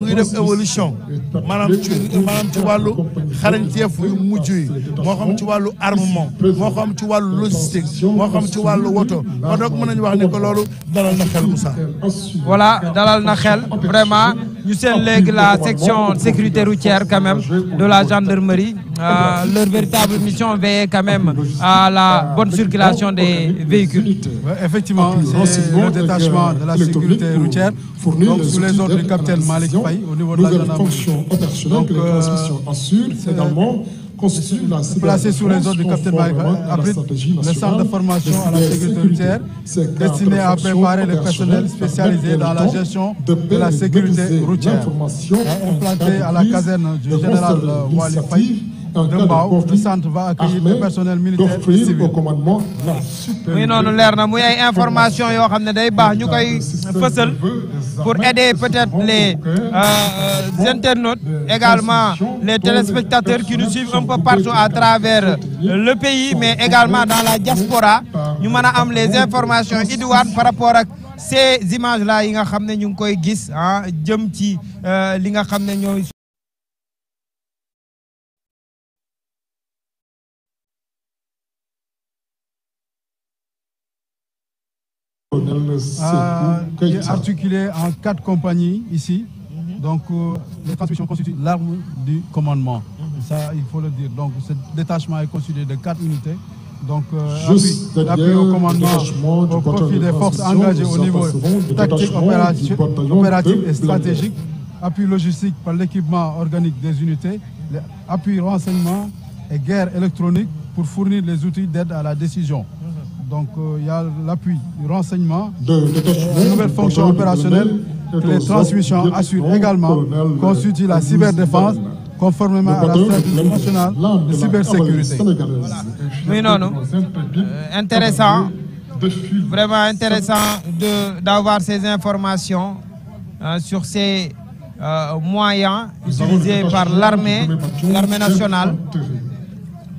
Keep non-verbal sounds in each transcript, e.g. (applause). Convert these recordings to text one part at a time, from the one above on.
muy def évolution maanaam ci maanaam ci wàllu xarañteef yu mujj yi moo xam ci wàllu armement moo xam ci wàllu logistique moo xam ci wàllu woto kon donc mën nañu wax ne que loolu dalal na xel Moussa. voilà dalal na xel vraiment. Nous sommes la section sécurité routière quand même de la gendarmerie. Euh, leur véritable mission veille quand même à la bonne circulation des véhicules. effectivement, ah, c'est le détachement de la euh, sécurité routière. Donc, sous les ordres du capitaine Malik Faye au niveau de la gendarmerie. Donc, euh, c'est également Placé sous les ordres du capitaine Baïka, abrite le centre de formation à la sécurité routière, destiné à préparer le personnels spécialisés dans la gestion de la sécurité routière, implanté à la caserne du général Wali le centre va accueillir le ah, personnel militaire et civil au commandement muy noonu nous na muy ay information day pour aider peut-être les euh, euh, internautes également les téléspectateurs qui nous suivent un peu partout à travers le pays mais également dans la diaspora Nous avons des les informations idoines par rapport à ces images là yi nga des ne ñu koy gis ah, jëm ci euh, li nga Ah, articulé en quatre compagnies ici. Mhm. Donc, euh, les transmissions constituent l'arme du commandement. Mhm. Ça, il faut le dire. Donc, ce détachement est constitué de quatre unités. Donc, euh, appui l'appui au commandement au profit des forces engagées au niveau tactique, opératif et stratégique, appui logistique par l'équipement organique des unités, appui renseignement et guerre électronique pour fournir les outils d'aide à la décision. Donc euh, il y a l'appui du renseignement, de, euh, nouvelles fonctions opérationnelles les transmissions assurent également, suit la cyberdéfense conformément à la stratégie nationale de cybersécurité. Oui, non, non. Euh, intéressant, vraiment intéressant d'avoir ces informations sur ces moyens utilisés par l'armée, l'armée nationale.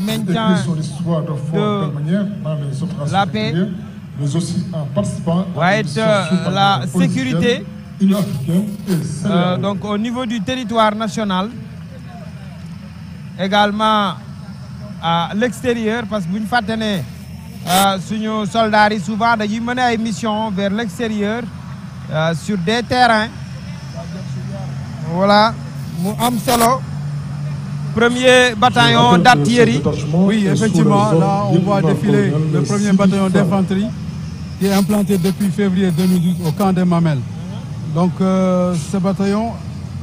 Maintenant, de la paix, mais aussi en participant à la sécurité. Euh, donc au niveau du territoire national, également à l'extérieur, parce que vous ne faites euh, nos soldats, souvent, ils mener une mission vers l'extérieur, euh, sur des terrains. Voilà, nous sommes Premier bataillon d'artillerie. Oui, effectivement, là on voit défiler le premier bataillon d'infanterie qui est implanté depuis février 2012 au camp des Mamelles. Donc euh, ce bataillon,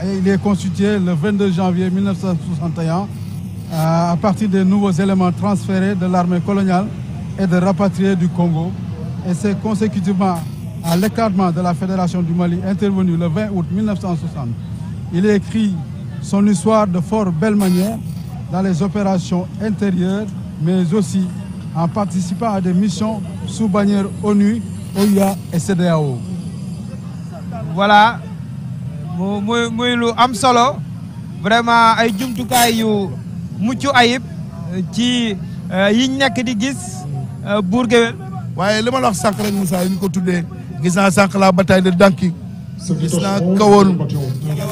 euh, il est constitué le 22 janvier 1961 euh, à partir des nouveaux éléments transférés de l'armée coloniale et de rapatriés du Congo. Et c'est consécutivement à l'écartement de la Fédération du Mali intervenu le 20 août 1960. Il est écrit son histoire de fort belle manière dans les opérations intérieures, mais aussi en participant à des missions sous bannière ONU, OIA et CDAO. voilà moi, lu am vraiment ay jumtukaay ayib euh, ci euh, yiñ di gis euh, la wax gis la bataille de Danki gis na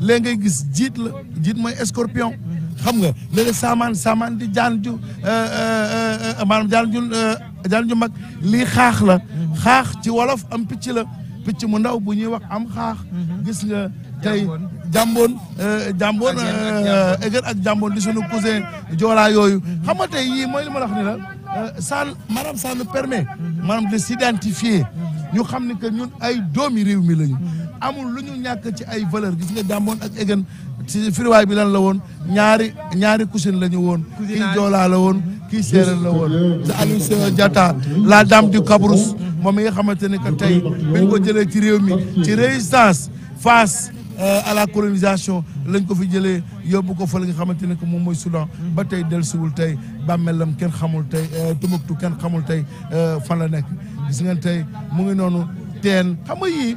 léeg ngay gis jiit la jiit mooy scorpion xam nga léeg saamaan saamaan di jaan ju euh, euh, euh, maanaam jaan ju jaan ju mag lii xaax la xaax ci wolof am picc la picc mu ndaw bu ñuy wax am xaax gis nga tey jàmboon jàmboon égar ak jàmboon di sunu cousin joolaa yooyu xam nga tey yii mooy li ma wax ni la ça maanaam ça nous permet maanaam de s'identifier ñu xam ni que ñun ay doomi réew mi lañu amul lu ñu ñàkk ci ay valeur gis nga jàmboon ak egen ci firiwaay bi lan la woon ñaari ñaari cousine la ñu woon kii joolaa la woon ki séeréer la woon te Aliou Seye la dame du Cabrousse moom mi nga xamante ne que tey bañ ko jëlee ci réew mi ci résistance face euh, à la colonisation lañ ko fi jëlee yóbbu ko fa la nga xamante ne que moom mooy Soudan ba tey dellusiwul tey bàmmeelam kenn xamul tey euh, tu kenn xamul tey euh, fan la nekk gis ngeen tey mu ngi noonu teen xam nga yii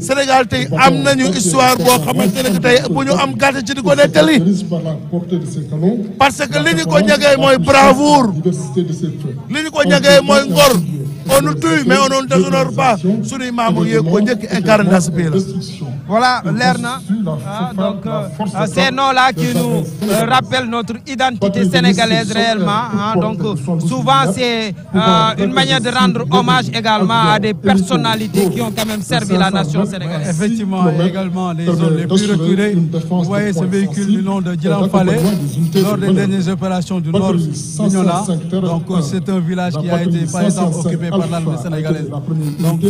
Sénégal tey am nañu histoire boo xamante ne tey bu ñu am gàtt ci di ko nettali parce que li ñu ko ñagee mooy bravoure li ñu ko ñagee mooy ngor on nous tue mais on ne nous maamu yeeg ko njëkk incarné dans ce pays Voilà, l'ERNA. Ah, donc, euh, ah, ces noms-là qui nous euh, rappellent notre identité sénégalaise réellement. Hein, donc, euh, souvent, c'est une manière de rendre hommage également à des personnalités qui ont quand même servi la nation sénégalaise. Effectivement, également, les zones les plus reculées. Vous voyez ce véhicule du nom de Dilan lors des dernières opérations du Nord Mignola. Donc, c'est un village qui a été, par exemple, occupé par l'armée sénégalaise. Donc,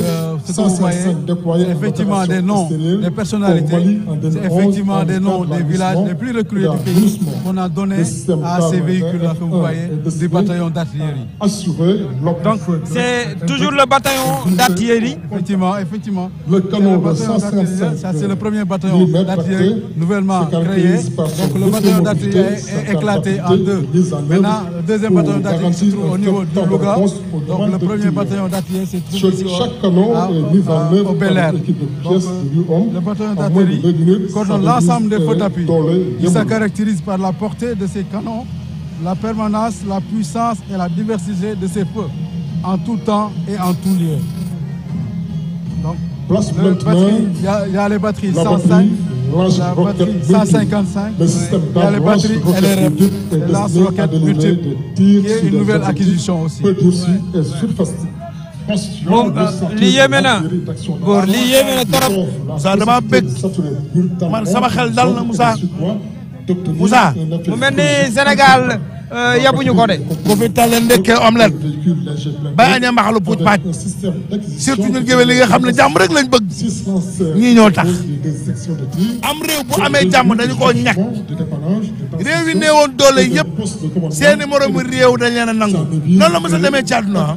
ce vous effectivement, des noms personnalités, c'est effectivement des noms des villages les plus reculés du pays qu'on a donné à ces véhicules-là que vous voyez, des bataillons d'artillerie. Donc, c'est toujours le bataillon d'artillerie. Effectivement, effectivement. Le canon ça c'est le premier bataillon d'artillerie nouvellement créé. Donc, le bataillon d'artillerie est éclaté en deux. Maintenant, le deuxième bataillon d'artillerie se trouve au niveau du Louga. Donc, euh, le premier bataillon d'artillerie se trouve canon au, en œuvre du le d'artillerie l'ensemble des feux d'appui qui euh, se caractérise par la portée de ses canons, la permanence, la puissance et la diversité de ses feux en tout temps et en tout lieu. Donc, il y, a les batteries 105, la batterie 155, il y a les batteries LRM, lance-roquettes multiples, qui est une nouvelle acquisition aussi. moom li yéeme na góor li yéeme na torop Moussa dama bëgg sama xel dal na Moussa Moussa mu mel ni Sénégal euh, yabuñu ko de ku fi tàlle ndekkee omelette ba aña mbaxalu puuj paaj surtout ñun géwél li nga xam ne jàmm rek lañ bëgg ñii ñoo tax am réew bu amee jàmm dañu ko ñàkk réew yi néewoon doole yëpp seeni moromu réew dañ leen a nangu noonu la mos a demee ci àdduna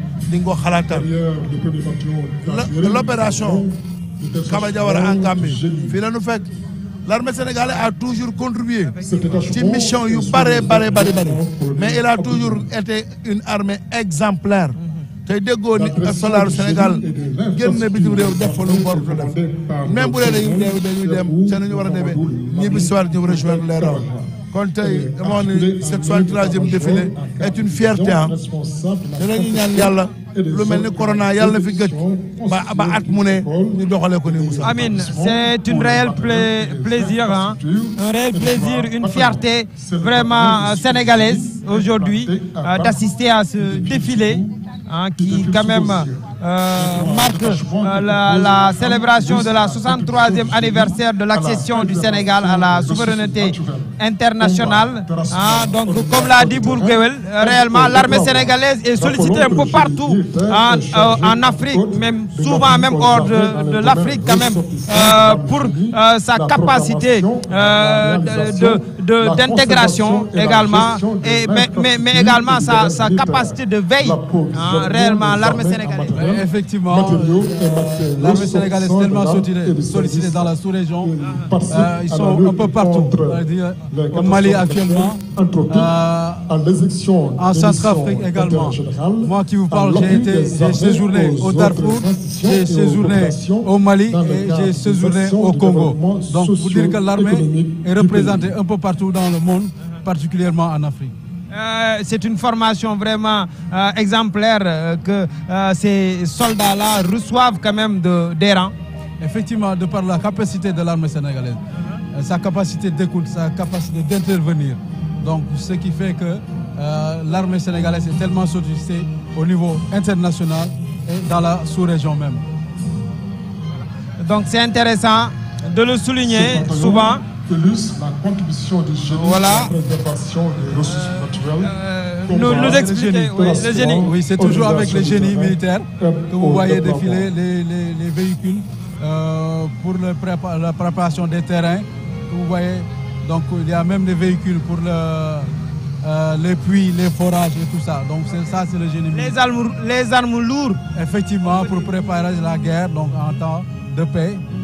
di nga ko l'opération Kaba Diawara en Gambie fi lañu fek l'armée sénégalaise a toujours contribué ci mission yu bare bare bare bare mais il a toujours été une armée exemplaire tey dégo ni solaaru Sénégal génn na bitim réew def lu mu war def même bu dee dañuy dem dañuy dem seen ñu wara débé ñi ñibbi si waat rejoindre les rangs kon tey dama wax ni cette soixante-troisième défilé est une fierté ah dinañu ñaan yalla c'est une réelle plaisir hein. un réel plaisir une fierté vraiment euh, sénégalaise aujourd'hui euh, d'assister à ce défilé hein, qui quand même. Euh, marque euh, la, célébration de la 63e anniversaire de l'accession du Sénégal à la souveraineté internationale. Ah, donc, comme l'a dit Bourguewel, euh, réellement, l'armée sénégalaise est sollicitée un peu partout en Afrique, même souvent même hors de, l'Afrique quand même, pour sa capacité de d'intégration également, et, mais, mais, également sa, capacité de veille hein, réellement euh, l'armée sénégalaise. Effectivement, l'armée sénégalaise est tellement sollicitée dans la sous-région. Euh, ils sont un peu partout, euh, au Mali actuellement, en Centrafrique également. Moi qui vous parle, j'ai été séjourné au Darfour, j'ai séjourné au Mali et j'ai séjourné au Congo. Donc, vous dire que l'armée est représentée un peu partout dans le monde, particulièrement en Afrique. Euh, c'est une formation vraiment euh, exemplaire euh, que ces soldats-là reçoivent quand même de, des rangs. Effectivement, de par la capacité de l'armée sénégalaise, sa capacité d'écoute, sa capacité d'intervenir. Donc, ce qui fait que l'armée sénégalaise est tellement sollicitée au niveau international et dans la sous-région même. Donc, c'est intéressant de le souligner souvent la contribution du génie voilà. des ressources naturelles. Euh, nous, oui, c'est toujours avec les génies militaires que vous voyez défiler les, véhicules euh, pour la préparation des terrains. Vous voyez, donc il y a même des véhicules pour euh, les puits, les forages et tout ça. Donc ça, c'est le génie militaire. Les armes, les armes lourdes Effectivement, pour préparer la guerre, donc en temps de paix,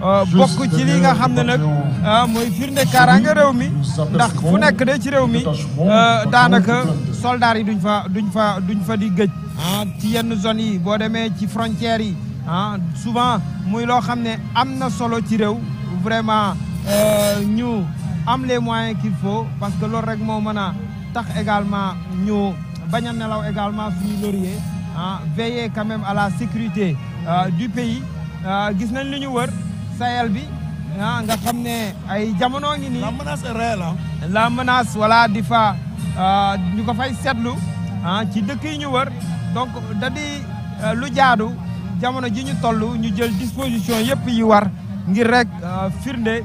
Euh, bokku ci li nga xam nak nag euh, mooy firnde karanga rewmi ndax fu nek de ci rewmi mi euh, daanaka soldats yi duñ fa duñ fa duñ fa di gëj ah, ci yenn zone yi bo demee ci frontière yi ah souvent muy lo xam amna solo ci rew vraiment ñu am les moyens qu'il faut parce que lool rek mo meuna tax également ñu baña a nelaw également suñu lorier ah veiller quand même à la sécurité du pays gis nañ li ñu wër Sahel bi ah nga xam ay jamono ngi nii. la menace est réelle la menace voilà di fa ñu ah, ko fay seetlu ah ci dëkk yi ñu wër donc da ah, lu jaadu jamono ji ñu toll ñu jël disposition yëpp yi war ngir rek ah, firnde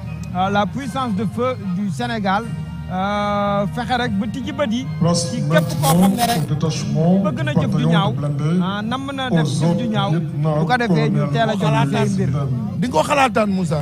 la puissance de feu du Sénégal. Euh, fexe rek ba tijji bët yi. ci képp koo xam ne rek bëgg na jëf ju ñaaw ah, nam na def jëf ju ñaaw bu ko defee ñu teel a jox mbir. di nga ko xalaataan Moussa.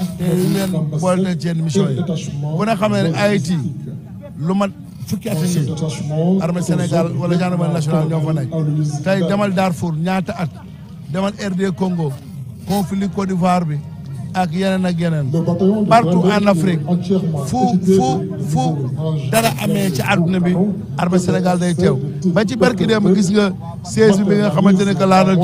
ñu leen boole leen ci yenn mission ne xam ne Haïti lu mat fukki at ngi armée Sénégal wala gendarmerie nationale ñoo fa nekk tey demal Darfour ñaata at demal RD Congo conflit Côte d'Ivoire bi ak yeneen ak yeneen partout en Afrique fu fu fu dara amee ci àdduna bi armée Sénégal day teew ba ci barki dem gis nga siège bi nga xamante ne que laa na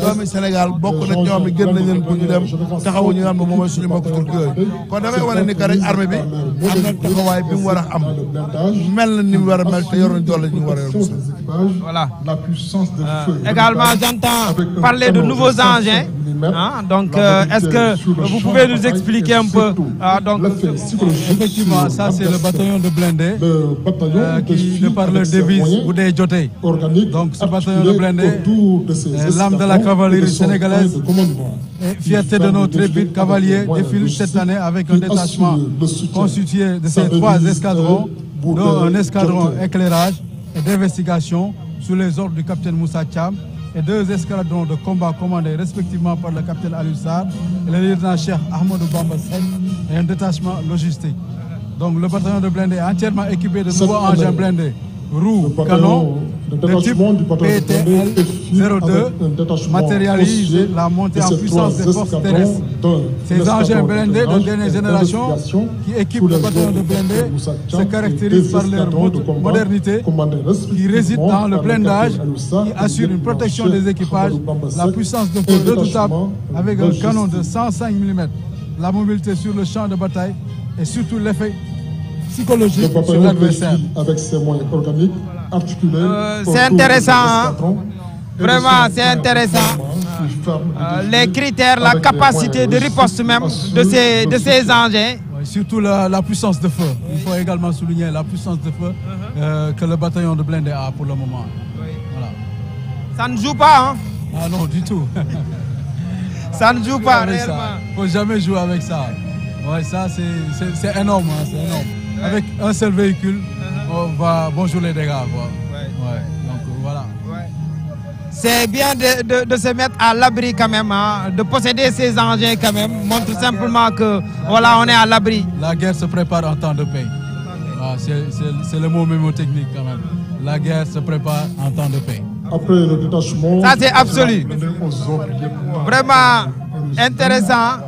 doomi Sénégal bokk na ñoom mi gën nañ leen bu ñu dem taxawu ñu naan moom mooy suñu mbokku turk yooyu kon damay wane ni que rek armée bi am na taxawaay bi mu war a am mel na ni mu war a mel te yor na doole ñu war a yor voilà euh, également j'entends parler de nouveaux engins ah, donc, euh, est-ce que vous pouvez nous expliquer un peu ah, donc, euh, Effectivement, ça c'est le bataillon de blindés euh, qui ne parle devise ou des Donc, ce bataillon de blindés, l'âme de la cavalerie sénégalaise, fierté de notre cavaliers, cavalier, défile cette année avec un détachement constitué de ces trois escadrons, dont un escadron éclairage et d'investigation sous les ordres du capitaine Moussa Cham et deux escadrons de combat commandés respectivement par le capitaine Alussar et le lieutenant-chef Ahmadou Bamba et un détachement logistique. Donc le bataillon de blindés est entièrement équipé de nouveaux engins blindés, roues, canons, de type BTL-02 matérialise la montée en puissance des forces terrestres. Ces engins blindés de dernière génération qui équipent le bataillon de blindés se caractérisent par leur modernité qui réside dans le blindage qui assure une protection des équipages, la puissance de feu redoutable avec un canon de 105 mm, la mobilité sur le champ de bataille et surtout l'effet psychologique sur l'adversaire. Avec ses moyens organiques, euh, c'est intéressant. Hein. Vraiment, c'est euh, intéressant. Euh, les critères, la capacité de riposte même de ces, de ces engins. surtout la, puissance de feu. Il faut également souligner la puissance de feu uh-huh. que le bataillon de blindés a pour le moment. Ça ne joue pas, hein Ah non, du tout. (laughs) ça ne joue pas, réellement. Il ne faut jamais jouer avec ça. Ouais, ça, c'est énorme, c'est énorme. Hein, avec un seul véhicule, uh-huh. on va bonjour les dégâts. Donc voilà. C'est bien de, se mettre à l'abri quand même, hein, de posséder ces engins quand même. Montre simplement que voilà, on est à l'abri. La guerre se prépare en temps de paix. Ah, c'est le mot mémotechnique quand même. La guerre se prépare en temps de paix. Après le détachement, ça c'est absolu. Vraiment intéressant.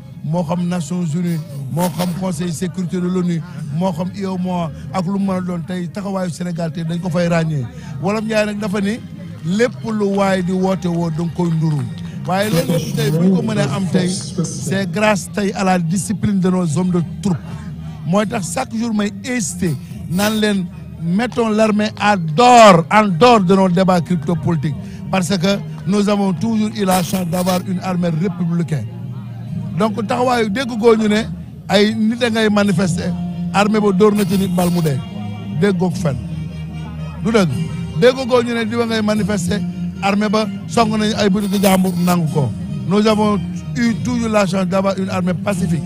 moo xam Nations Unies moo xam conseil sécurité de l'ONU moo xam UEMOA ak lu mën doon tey taxawaayu Sénégal tey dañ ko fay de wala Njaay nag dafa ni lépp lu waaye di woote woo da nga koy bu ko c'est grâce à la discipline de nos hommes de troupe Moi, chaque jour may insisté naan leen mettons l'armée à dehors en dehors de nos débats crypto-politiques parce que nous avons toujours eu la chance d'avoir une armée républicaine donc taxaway dégg goo ñu ne ay nit a ngay manifester armée ba dóor na ci nit bal mu dé dégg goog fenn du dëgg dégg goo ñu ne di wa ngay manifester armée ba song nañu ay butiku jàmbur nang ko nous avons eu toujours la chance d'avoir une armée pacifique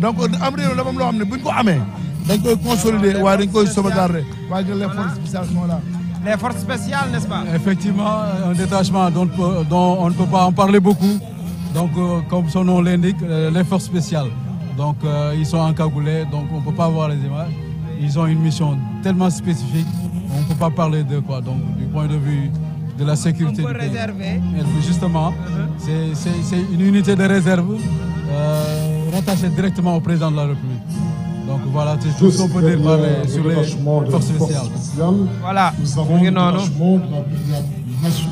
donc am réew dafa am loo xam ne ko amé dañ koy consolider wa dañ koy sauvegarder waaye les forces spéciales sont là les forces spéciales n'est-ce pas effectivement un détachement dont on ne peut pas en parler beaucoup donc, euh, comme son nom l'indique, euh, les forces spéciales. Donc, euh, ils sont en encagoulés, donc on ne peut pas voir les images. Ils ont une mission tellement spécifique, on ne peut pas parler de quoi. Donc, du point de vue de la sécurité. justement, uh-huh. c'est, une unité de réserve rattachée directement au président de la République. donc voilà c'est tout ce qu'on peut dire sur les forces spéciales. voilà